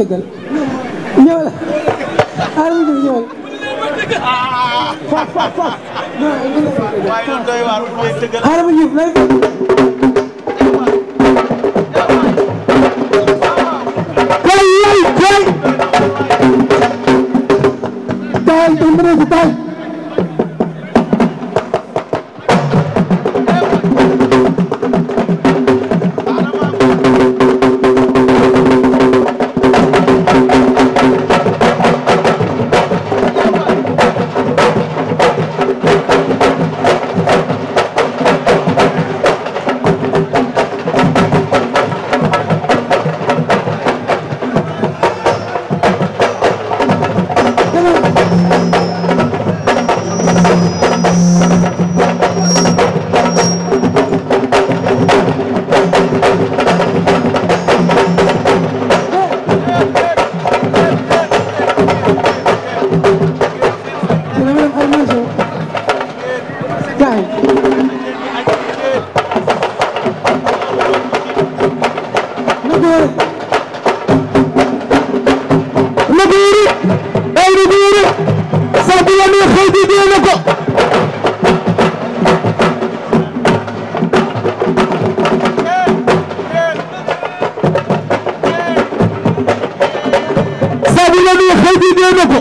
tëggal ñëwal xaaral ma ñëw ñëwal. fas fas fas. waaye nag doy waar bu dee tëggal. xaaral ma ñëw lay Bye. xale bi dee na ko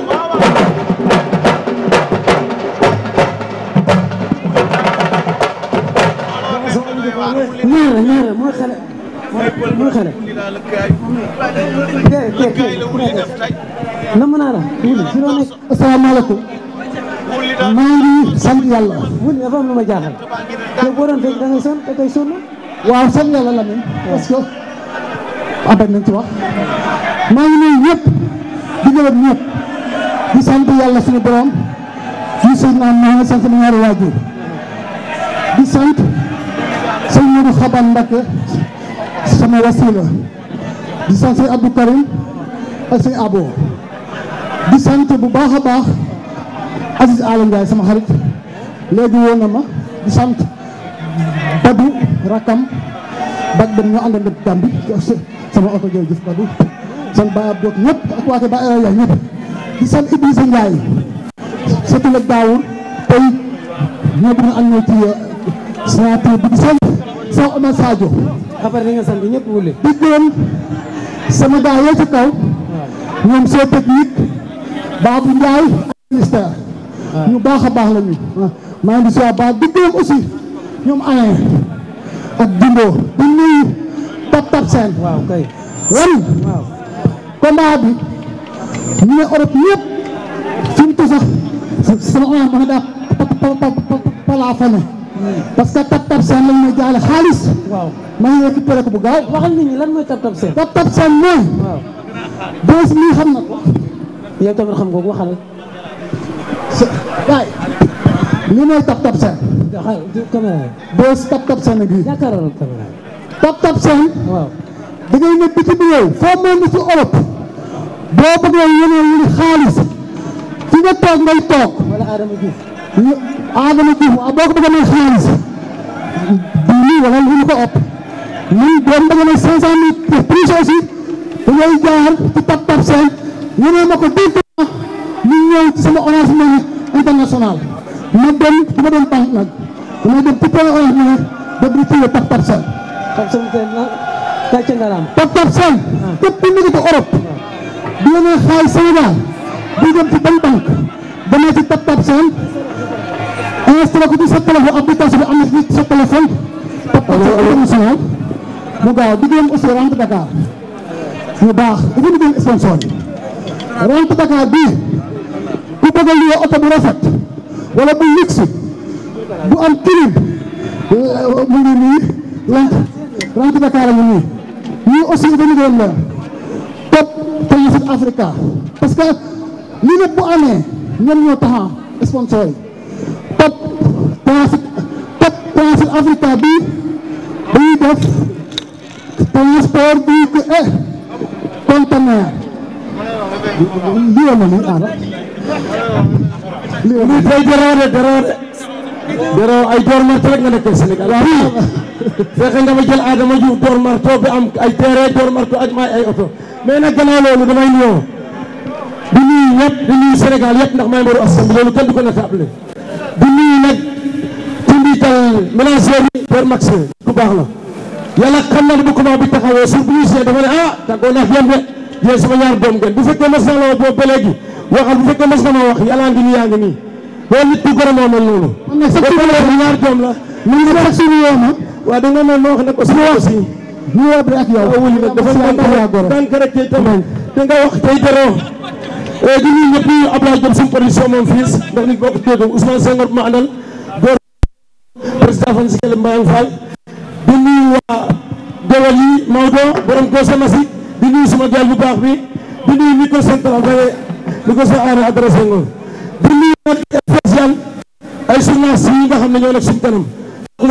ñaara ñaara mooy xale mooy xale kee kee nam naa la wuli si loo nekk asalaamaaleykum maa ngi sant yàlla wuli dafa am lu ma jaaxal te boo doon fekk da ngay sonn te tey sonn waaw sant yàlla la parce que abat nañ ci wax maa ngi nuyu ñëpp gërëm ñëpp di sant yàlla suñu borom di sant Muhammad sant sama ñaari waajur di sant sëñ Modou Xaban Mbakke sama wasila di sant sëñ Abdou Karim ak di sant bu baax a baax Aziz Aly Ndiaye sama xarit léegi woo na ma di sant Badou Rakam Badou ñu àndandoo Gàmbi sama oto jërëjëf Badou. sant Baye Abdou ñëpp ak waa Kër Baye Aya ñëpp di sant Idrissa Ndiaye surtout nag daawul tey ñoo bëgg a àndal ci euh, sénateur bi di sant Sow Omar Sadio. après di nga sant ñëpp sama gars yooyu ci kaw. ñoom soo technique Babou ak ministère. Ah. baax a baax la ñu. Ah. maa ngi si waa baax di gërëm aussi ñoom Alain ak Dindo di nuyu Pape Pape Sène. waaw combat bi ñu ne Europe yëpp fi mu sax sama oyaam ma daa plafonné parce que tap tap seen lañ ma jaale xaalis. waaw ma ngi récupéré ko bu gaaw. waxal nit ñi lan mooy tap tap seen. tap tap seen mooy. waaw bés mi xam na ko. yow tamit xam nga ko waxal. sa waay li mooy tap tap seen. waaw caméra bés tap tap seen a ngi. yaakaaroon caméra. tap tap seen. waaw. da ngay ne bitim réew foo mel ni si Europe boo bëggee yëngal wuli xaalis fi toog ngay toog Adama Diouf waaw boo ko xaalis bii wala lu ko ëpp ñun doon bëgg na cinq cent mille plus aussi da ngay jaar ci tap tap seen ñu ne ma ko directement ñu ñëw ci sama Orange Money international ma dem du ma dem banque nag damay dem ci tap tap seen gàcce ngalaam Pape Pape Sall képp ku nekk ci Europe di yónnee xaalis Sénégal di dem ci ban banque demee ci Pape Pape Sall installé ko ci sa téléphone application bi mu gaaw di gëm aussi rentre Dakar mu baax dafa liggéeyal sponsor yi rentre Dakar bii ku bëgg a luwee oto bu rafet wala bu luxe bu am euh, mu ngi nii rentre rentre a ngi nii ñu aussi dañu doon leer topp Transit Africa parce que li lépp bu amee ñoom ñoo taxa sponsor yi topp Transit topp Transit Africa bi dañuy def transport bi ko eh conteneur lii amoon nañu aara ah, lii amoon nañu aara Yoro ay door marto rek nga nekkee Sénégal waaw fii nga ma jël Adama Diouf door marto bi am ay terrain door marto ak may ay oto mais nag gannaaw loolu damay nuyoo di nuyu ñëpp di nuyu Sénégal yëpp ndax may mbaru askan bi loolu kenn du ko natable di nuyu nag timbital ménagère yi Père Max ku baax la yàlla xam na ne bu comment bi taxawoo sur plusieurs dafa ne ah tàggoo naa yem de yéen sama ñaar doom bu fekkee mas na la woo boobu ba léegi bu fekkee mas ma wax yàlla ngi nii loolu a moo mel noonu. kon nag sax ñaar doom la. ñu ngi sax wax tey tamit. da nga wax tey dëroo. Eh, di nuyu ñëpp moom fils ndax nit bokk déggoo Ousmane Senghor ma àndal. góor président fan si Kelle Mbaye Fall. di nuyu waa Dewal yi Maodo borom Kosa Massi di nuyu sama jàll bu baax bi di nuyu micro central bi micro central adressé nga di nuyu menaces yi nga xam ne ñoo nekk suñu kanam. li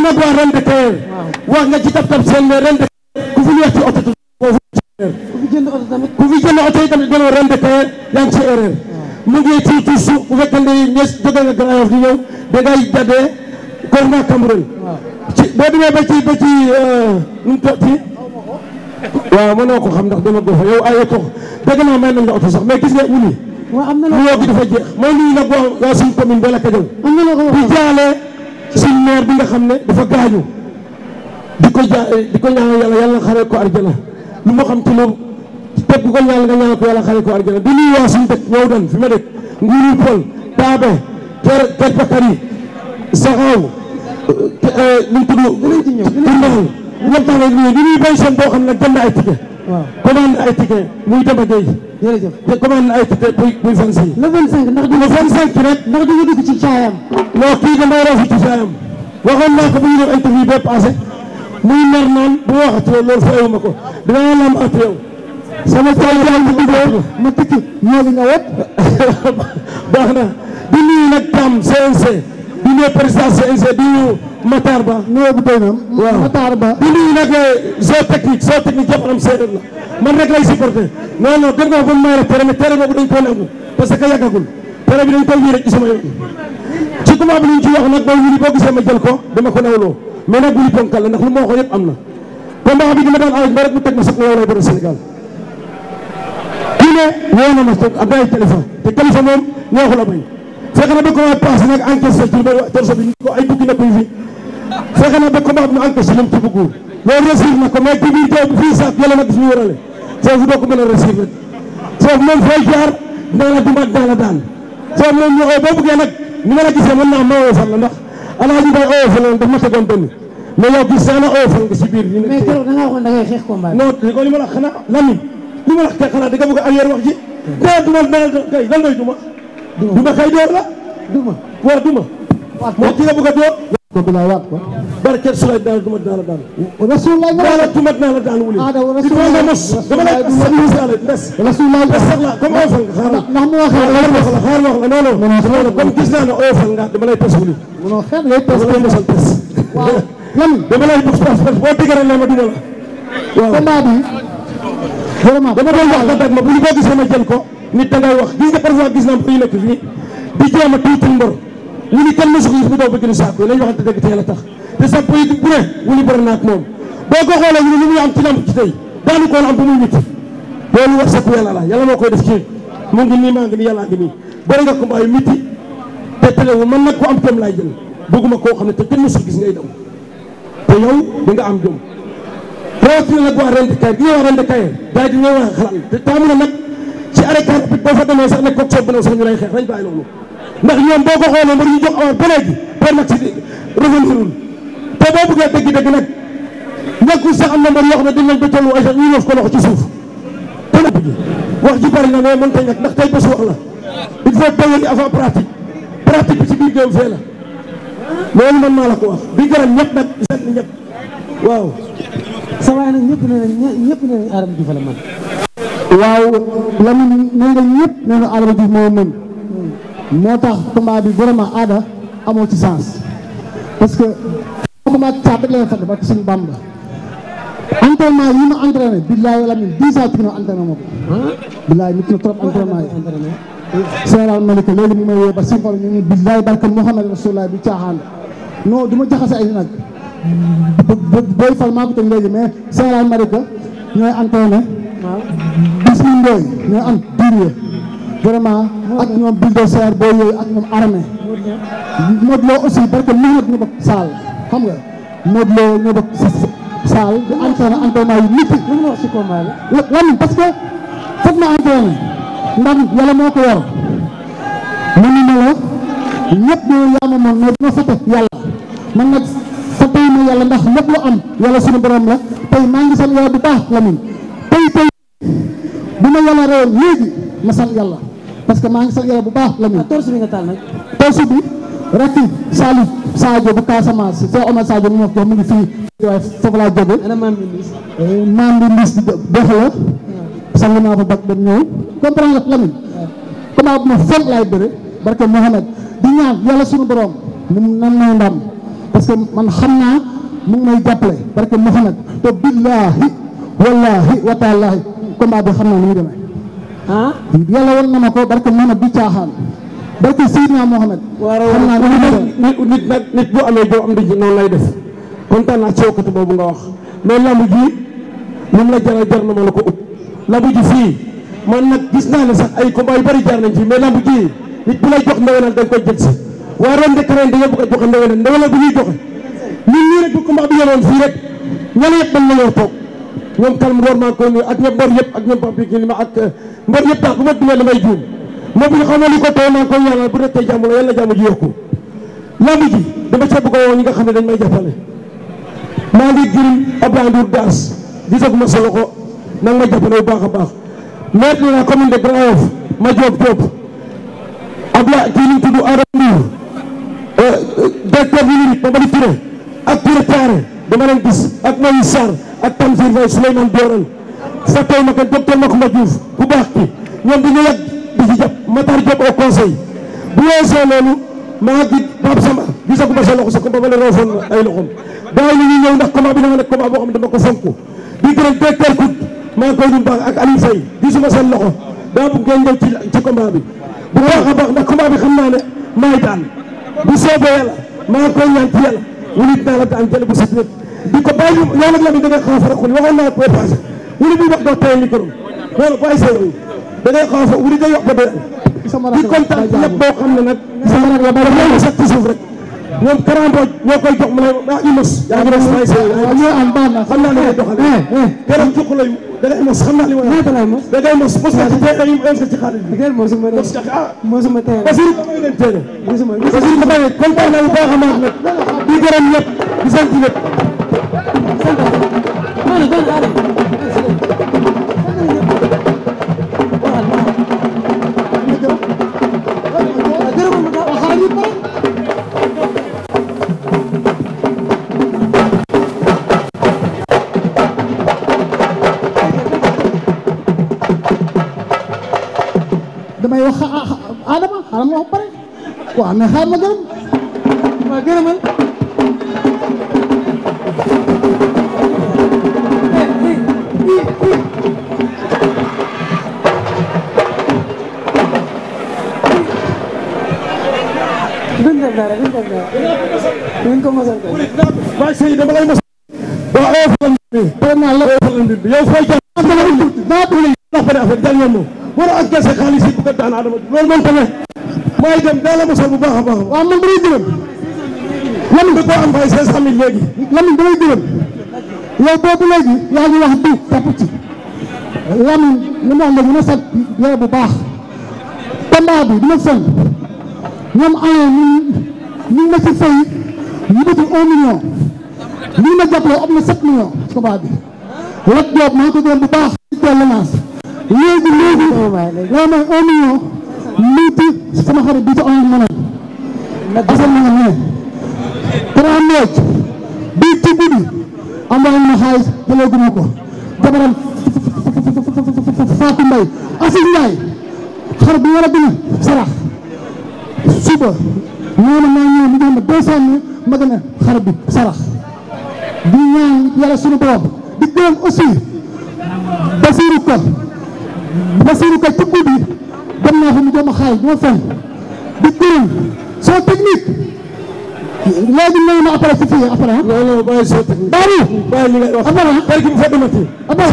wax ñoom nga ci tab-tab seen mais ren de ku fi wax ci oto tamit boo a fi jënd oto tamit ku fi jënd oto tamit gënoo ren de teer yaa ngi ci erreur. mu ngi ci ci suuf bu ne ñes jóge nga Grand Yoff di ñëw da ngay jàddee kor nga Cameroun. ci boo demee ba ci ba ci euh, nu mu ci. waaw mënoo ko xam ndax dama góor fa may nañ la oto sax mais gis nga uni waaw am na loo bi dafa jeex may nuyu nag waa waa suñu commune Mbella Kajoor. na ko di jaale suñu maire bi nga xam ne dafa gaañu. di ko ja eh, di ko ñaanal yàlla yàlla xare ko arjana lu ma xam ci moom teg ko ñaan nga ñaanal ko yàlla xare ko arjana di nuyu waa suñu dëkk ñëw dan fi ma dëkk Nguuru Pol Taabe Ker Bakari Saxaw li eh, eh, mu tudd. dinañ di nuyu benn chaîne ne jënd ay ticket. waaw commande ay ticket muy Demba Gueye jërëjëf te commande ay tuddee buy buy 25. le 25 ndax du le 25 rek ndax du ñu dugg ci caayam. non kii damay rafet ci caayam waxoon naa ko bu ñu def interview bee passé muy nar naan bu ma waxati loolu loolu fayuma ko dinaa la am at yow. sama caay bi am dugub ma tëkki ñoo bi nga wet. baax na di nuyu nag tam CNC di nuyu président CNC di nuyu Matar Ba. nuyoo bu doy na am. waaw Matar Ba. di nuyu nag géotechnique eh, géotechnique yëpp am séeréer la. man rek lay supporté non non def nga ba mu may la tere mais tere boobu dañ koo nangu parce que yàggagul tere bi dañ koy wii rek ci sama yoon ci tubaab bi ñu ci wax nag mooy wii boo gisee ma jël ko dama ko nawloo mais nag wii ponkal la ndax lu ma waxoon yëpp am na combat bi dama daan aaj ma rek mu teg ma sax na yow lay bëri Sénégal ku ne woo na ma toog am ay téléphone te téléphone moom neexu la bañ fekk na ba ko paase nag encaissé ci ba torso bi ko ay bukki nekk fi fekk na ba combat bi mu encaissé lim ci buggu loolu réussir na ko mais ci biir teew bi fii sax yàlla nag gis ñu wërale foofu doo ko mën a recibé foofu moom fooy jaar dana la dimbaat dana la daan foofu moom ñu oo boo bëggee nag ni ma la gisee mën naa ma oo fan la ndax alaaji bay oo fan la daf ma tegoon benn mais yow gis naa la oo fan nga si biir ñu ne mais keroog da ngaa waxoon da ngay xeex combat non ko li ma la xanaa lami li ma la xeex xanaa da nga bëgg a arrière wax ji dee duma dana kay lan lay duma duma kay door la duma waaw duma moo ci nga bëgg a door ko bi laa waat ko barkeel si laay daal duma daal daan. rasulilah daal duma daal daan wuli. ah dama la mos dama la mos daal des. rasulilah des sax la comme oyofal nga xaaral. ndax mu wax la xaaral wax la xaaral wax la non non. dama la comme gis naa ne oyofal nga dama lay tes wuli. non xeet lay tes dama lay mosal tes. waaw lan dama lay mos pas pas boo diggante ne ma duma la. waaw combat bi vraiment dama doon wax dëgg ma bu ñu ko gisee ma jël ko nit da ngay wax gis nga par exemple gis naa mbir yu nekk fii di jéem a tuuti mbor. wuli kan la sax yus mu daw bëgg na sàkku lañ waxante dëgg teel a tax te sa politique bu ne wuli bëri na ak moom boo ko xoolee wuli li muy am ci lamb ci tey daanu ko am ba muy nit loolu la yàlla moo koy def man nag ku am jom laay jël bëgguma koo xam ne te kenn sax gis ngay daw te yow di nga am jom rawatina nag waa rente kaye gi nga waa rente te taamu na nag ci arrêt carte bi boo fa demee sax ne coog soob bu ne sax ñu lay xeex dañ bàyyi loolu ndax ñoom boo ko xoolee dañuy jox awoor ba léegi permis ci revenirul te boo bëggee dëgg dëgg nag nekkul sax am na mbir yoo xam ne dañ leen ba tollu ay sax ñu ñëw ko loxo ci suuf te wax ji bari na mais mën ta ñàkk ndax tey bés wax la il faut théorie avant pratique pratique bi ci biir géew fee la loolu man maa la ko wax bi gërëm ñëpp nag sant ñëpp waaw sa waay nag ñëpp ne ñëpp ne Adama Diouf la man waaw Lamine nee na ñëpp nee na Adama Diouf moo mën moo tax combat bi vraiment aada amoo ci sens parce que combat caab rek la fàtte parce que suñu Bamba entraînement yi ma entraîné billaay wala min dix ans ci ma entraîné moom billaay nit na trop entraînement yi général Malika léegi mu may woo ba cinq ans ñu ngi billaay barke Muhammad Rasulullah bi caaxaan non du ma jaxase ay nag booy fal maa ko teg léegi mais général Malika ñooy entraîné bis ñu ñooy am durie vraiment ak ñoom bulldozer boo yooyu ak ñoom armée Modou Lo aussi parce que minute ñu saal xam nga Modou Lo ñu saal di entraîné entraînement yu nit yi lu ñu wax ci combat lan parce que foog na entraîné ndax yàlla moo ko yor man na ma nag fa tey ma yàlla ndax lépp lu am yàlla suñu la tey maa ngi sant yàlla bu baax la mun tey tey bu ma yàlla rewoon léegi ma sant yàlla parce que maa ngi sant yàlla baax la ñu. torche Rakib Salif Sadio bu Casamance Seydou Omar Sadio mu ma ko mu ngi fii waaye foofu laa jógee. ana maam bi Miss. Eh, maam bi Miss dox la. sang naa fa bag dem ñëw comprendre nga Lamine. comment bu ma foog laay bëre barke mu parce que man xam naa mu ngi may barke Mohamed xam naa ni mu demee. yàlla wan na ma ko barke maanaam du caaxaan barke Seydina Mohamed. xam naa nit nit nag nit bu amee joo am di noonu lay def kontaan naa ci yokkute boobu nga wax mais lamb ji moom na jaral jar na ma la ko ut. lamb ji fii man nag gis naa ne sax ay combat yu bari jaar nañ ci mais lamb ji nit bu lay jox ndewenal dañ koy jël si waaye ren de ren da nga a joxe ndewenal ndewenal bu ñuy joxe ñun ñii rek bu combat bi yoroon fii rek ñeneen yëpp mën nañoo toog. ñoom kal mboor maa ko nuyu ak ñëpp mboor yëpp ak ñoom papi ma ak eh, mboor yëpp tax bu ma dumee damay juum moom bu ñu xamoon li ko tey maa koy ñaanal bu dee tey jàmm la yàlla ji yokku lamb ji dama ca bëgg a woo nga xam ne dañ may jàppale maa ngi gërëm Abdoulaye Ndour Daas di sag ma solo ko nag ma jàppale bu baax a baax maire de la commune de Grand Yoff ma Diop Diop Abdoulaye kii ñu tudd Aram Ndour eh, eh, directeur numérique Mamadou Touré ak Touré Thiaré dama leen gis ak Maïs Sarr ak Tamsir Faye Souleymane Dooral sa tey naka docteur Macoumba Diouf bu baax ki ñoom dañu yàgg di ci jàpp Matar Diop au conseil bu weesoo loolu maa ngi Pape Sama gisaguma sa loxo sa combat ba la roofoon ay loxoom bàyyi li ñu ñëw ndax combat bi dama nekk combat boo xam ne dama ko fonk di gërëm directeur Kout maa ngi koy ñu baax ak Aliou seen loxo daa bëgg ngeen ñëw ci ci bi bu baax a baax ndax combat bi xam naa ne maay daan bu soobee yàlla maa ngi koy ñaan ci yàlla wunit naa la daan jël bu set di ko bàyyi ñoo nag la mi da ngay xaafa rek xul waxoon naa ko passé wuli bi wax doo tey li korum loolu bàyyi seen wuli da ngay xaafa wuli day wax ba dee di kontaan ñëpp boo xam ne nag sama nag la bari ñoo sax ci suuf rek ñoom karamboj ñoo koy jox mu ne maa ngi mos yaa ngi mos bàyyi seen wuli am baax na xam naa li ngay doxal eh, eh. keroog jox la yu da ngay mos xam naa li may da ngay mos da ngay mos parce que tey dañuy invité ci xaalis bi da ngay mos ma mos ah mosuma tey Basirou damay leen teel Basirou damay kontaan naa bu baax a baax nag di gërëm ñëpp di sant ñëpp waaw mais xaar ma gërëm ma gërëmal dara duñ ko dara duñ ko mosal ko ba sey dama lay mosal do ofal ni dama la ofal ni yow fay jàpp dama la dama la dafa dafa dal ñoom wara ak sa xaalis bu ko daan adama loolu moom tamit maa ngi dem daal mosal bu baax a baax. waaw man damay gërëm. Lamine da koo am fay 500000 léegi. Lamine damay gërëm. yow boobu léegi yaa ngi wax du topp ci. Lamine li ma wax léegi na sant yow bu baax. combat bi dina fay. ñoom Alain ñu ñu ma ci fay ñu bëgg 1 million. ñu ma jàppale am na 7 millions. combat bi. Lat Diop maa ngi ko gërëm bu baax. léegi léegi. waaw waaw léegi 1 million. sama xarit bi ci amoon mënoon asal na nga ne danaa nooj bii ci guddi ma xaalis jëleeguma ko jabaram Fatou Mbaye Assis Ndiaye xarit bi war a dina suba ñoo na maa ñëw mu jox ma deux cent mille ma gën a xarit bi sarax di ñaan yàlla suñu borom dem naa fi mu jëm a dama fen di na après si fii après ah. non non bàyyi soo technique. bàyyi bàyyi li ngay wax après ah. tey ki mu fa demati. après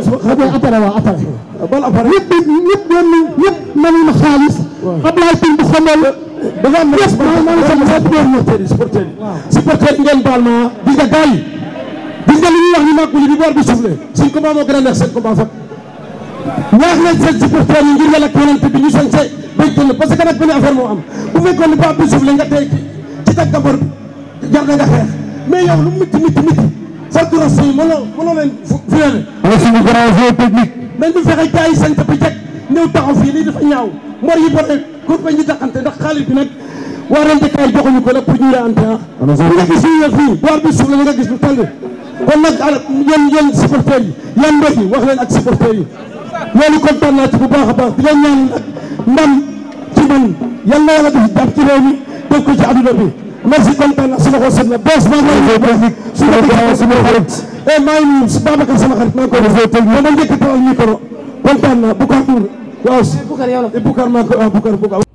soo ma xamee. après waaw après. Ah, ban après ñëpp ñëpp doon nañ ñëpp mënuñ na xaalis. waaw Ablaye Tine bu xamal. dafa am na ñëpp maa maa ngi sama li ñuy wax ni mag bi li bi boor bi soufflé suñ combat moo gën a neex seen combat ñaax nañ seen supporters yi ngir yàlla ak yonent bi ñu sañse bay jënd parce que nag benn affaire moo am bu fekkoon ne ba bi suuf la nga tey ci tag gabor bi jar na nga xeex mais lu miti miti miti sa duras yi mënoo mënoo leen violé wala suñu grand jeu technique mais ñu fexe gars yi sañse bi jag ñëw taxaw fii lii dafa ñaaw mor yi bare ko bañ ñu bi nag waa ren dëkkaay joxuñu ko nag pour ñu raante ah nga gis ñu fii boor bi suuf la nga gis lu tàng kon yan mbër yi wax leen ak supporters loolu kontaan naa ci bu baax a baax di leen ñaan nag ndam ci man yal na yàlla def jàpp ci réew mi def ko ci adduna bi merci kontaan naa su ma ko sëñ la boos maa ngi lay nuyu. su ma ko sama xarit eh maa ngi nuyu Babacar sama xarit maa ngi koy nuyu. ma ma njëkk a tawal micro kontaan naa Boucar Ndour waaw Boucar yow la Boucar maa ko ah, Boucar Boucar